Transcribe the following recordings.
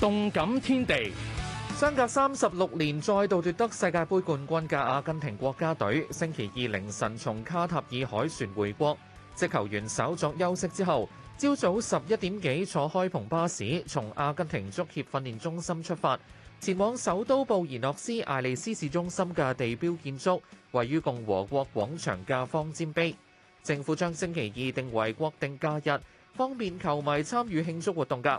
動感天地，相隔三十六年再度奪得世界盃冠軍嘅阿根廷國家隊，星期二凌晨從卡塔爾海船回國。即球員稍作休息之後，朝早十一點幾坐開篷巴士，從阿根廷足協訓練中心出發，前往首都布宜諾斯艾利斯市中心嘅地標建築——位於共和國廣場嘅方尖碑。政府將星期二定為國定假日，方便球迷參與慶祝活動㗎。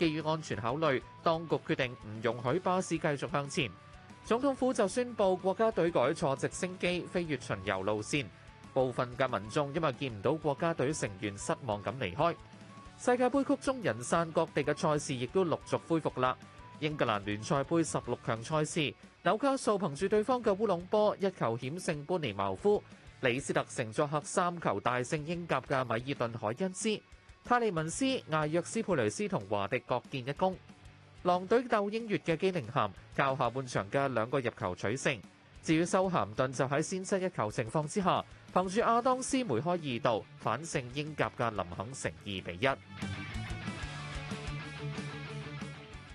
基於安全考慮，當局決定唔容許巴士繼續向前。總統府就宣布國家隊改坐直升機飛越巡遊路線。部分嘅民眾因為見唔到國家隊成員，失望咁離開。世界盃曲終人散，各地嘅賽事亦都陸續恢復啦。英格蘭聯賽杯十六強賽事，紐卡素憑住對方嘅烏龍波一球險勝班尼茅夫。李斯特城作客三球大勝英甲嘅米爾頓凱恩斯。泰利文斯、艾約斯、佩雷斯同華迪各建一功，狼隊鬥英乙嘅基寧咸靠下半場嘅兩個入球取勝。至於修咸頓就喺先失一球情況之下，憑住阿當斯梅開二度，反勝英甲嘅林肯城二比一。